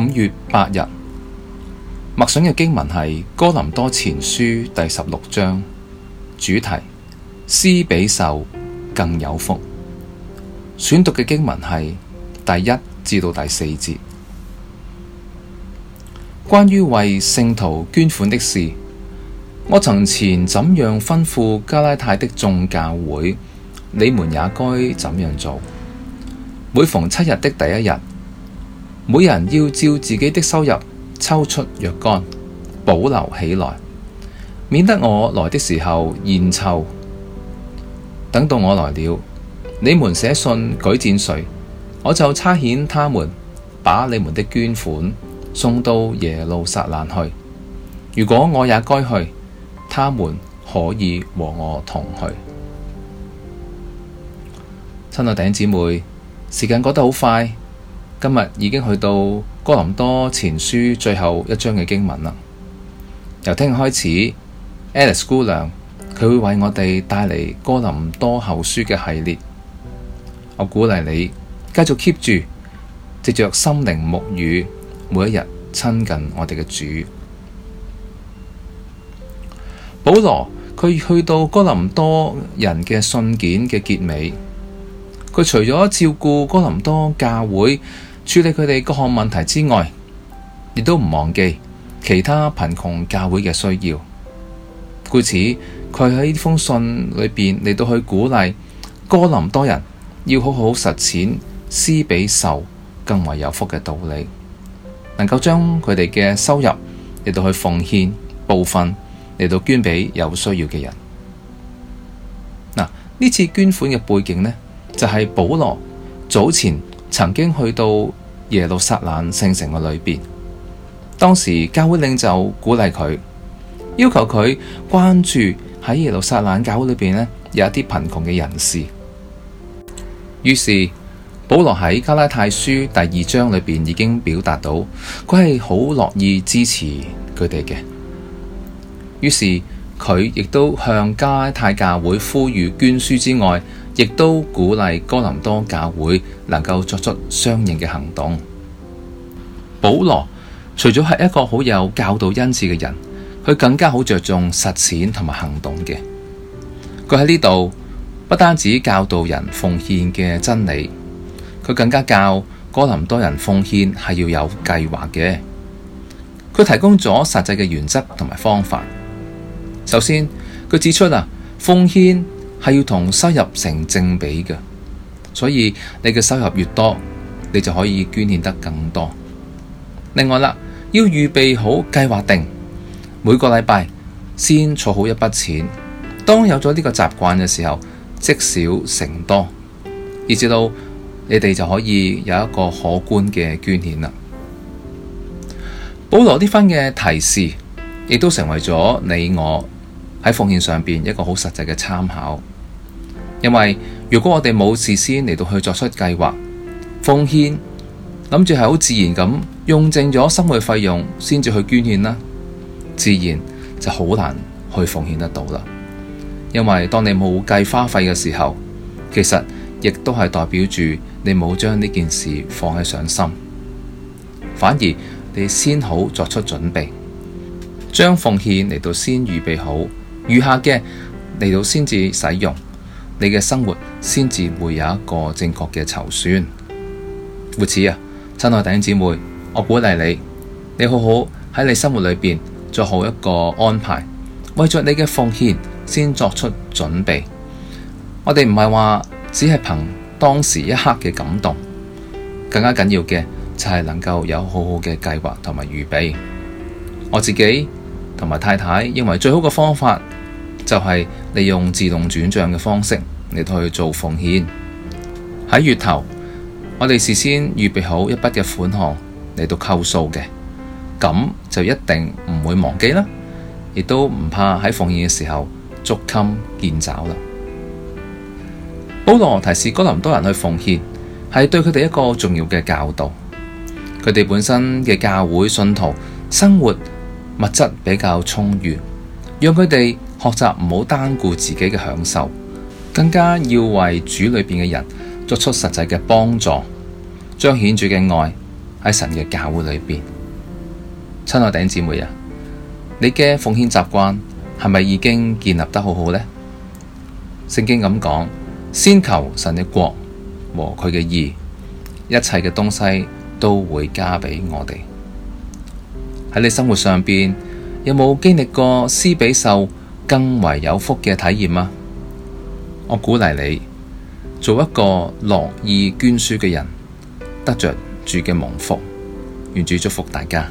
五月八日，默想嘅經文係《哥林多前書》第十六章，主題：施比受更有福。選讀嘅經文係第一至到第四節，關於為聖徒捐款的事。我曾前怎樣吩咐加拉太的眾教會，你們也該怎樣做。每逢七日的第一日。每人要照自己的收入抽出若干，保留起來，免得我來的時候現湊。等到我來了，你們寫信舉薦誰，我就差遣他們把你們的捐款送到耶路撒冷去。如果我也該去，他們可以和我同去。親愛嘅弟兄姊妹，時間過得好快。今日已經去到哥林多前書最後一章嘅經文啦。由聽日開始，Alice 姑娘佢會為我哋帶嚟哥林多後書嘅系列。我鼓勵你繼續 keep 住，藉着心靈牧語，每一日親近我哋嘅主。保羅佢去到哥林多人嘅信件嘅結尾，佢除咗照顧哥林多教會。處理佢哋各項問題之外，亦都唔忘記其他貧窮教會嘅需要。故此，佢喺呢封信裏邊嚟到去鼓勵哥林多人要好好實踐施比受更為有福嘅道理，能夠將佢哋嘅收入嚟到去奉獻部分嚟到捐俾有需要嘅人。嗱、啊，呢次捐款嘅背景呢，就係、是、保羅早前曾經去到。耶路撒冷聖城嘅裏邊，當時教會領袖鼓勵佢，要求佢關注喺耶路撒冷教會裏邊呢，有一啲貧窮嘅人士。於是保羅喺加拉太書第二章裏邊已經表達到，佢係好樂意支持佢哋嘅。於是佢亦都向加拉太教會呼籲捐書之外。亦都鼓勵哥林多教會能夠作出相應嘅行動。保羅除咗係一個好有教導恩賜嘅人，佢更加好着重實踐同埋行動嘅。佢喺呢度，不單止教導人奉獻嘅真理，佢更加教哥林多人奉獻係要有計劃嘅。佢提供咗實際嘅原則同埋方法。首先，佢指出啊，奉獻。係要同收入成正比嘅，所以你嘅收入越多，你就可以捐獻得更多。另外啦，要預備好計劃定，每個禮拜先儲好一筆錢。當有咗呢個習慣嘅時候，積少成多，以至到你哋就可以有一個可觀嘅捐獻啦。保羅呢番嘅提示，亦都成為咗你我喺奉獻上面一個好實際嘅參考。因為如果我哋冇事先嚟到去作出計劃奉獻，諗住係好自然咁用剩咗生活費用先至去捐獻啦，自然就好難去奉獻得到啦。因為當你冇計花費嘅時候，其實亦都係代表住你冇將呢件事放喺上心，反而你先好作出準備，將奉獻嚟到先預備好，餘下嘅嚟到先至使用。你嘅生活先至會有一個正確嘅籌算。因此啊，親愛弟兄姊妹，我鼓勵你，你好好喺你生活裏邊做好一個安排，為咗你嘅奉獻先作出準備。我哋唔係話只係憑當時一刻嘅感動，更加緊要嘅就係能夠有好好嘅計劃同埋預備。我自己同埋太太認為最好嘅方法。就係利用自動轉賬嘅方式嚟到去做奉獻。喺月頭，我哋事先預備好一筆嘅款項嚟到扣數嘅，咁就一定唔會忘記啦，亦都唔怕喺奉獻嘅時候捉襟見肘啦。保羅提示哥林多人去奉獻，係對佢哋一個重要嘅教導。佢哋本身嘅教會信徒生活物質比較充裕，讓佢哋。學習唔好單顧自己嘅享受，更加要為主裏邊嘅人作出實際嘅幫助，彰顯主嘅愛喺神嘅教會裏邊。親愛頂姊妹啊，你嘅奉獻習慣係咪已經建立得好好呢？聖經咁講，先求神嘅國和佢嘅義，一切嘅東西都會加畀我哋。喺你生活上邊有冇經歷過施比受更為有福嘅體驗啊！我鼓勵你做一個樂意捐輸嘅人，得着主嘅蒙福，願主祝福大家。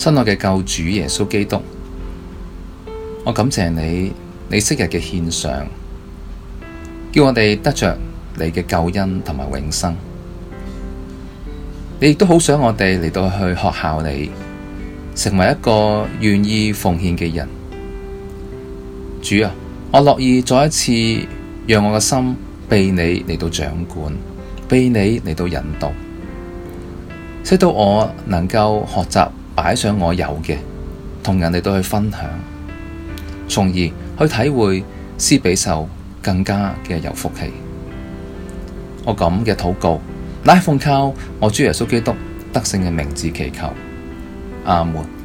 親愛嘅救主耶穌基督，我感謝你，你昔日嘅獻上，叫我哋得着你嘅救恩同埋永生。你亦都好想我哋嚟到去學效你，成為一個願意奉獻嘅人。主啊，我樂意再一次讓我嘅心被你嚟到掌管，被你嚟到引導，使到我能夠學習。擺上我有嘅，同人哋都去分享，從而去體會施比受更加嘅有福氣。我咁嘅禱告，乃奉靠我主耶穌基督得勝嘅名字祈求，阿門。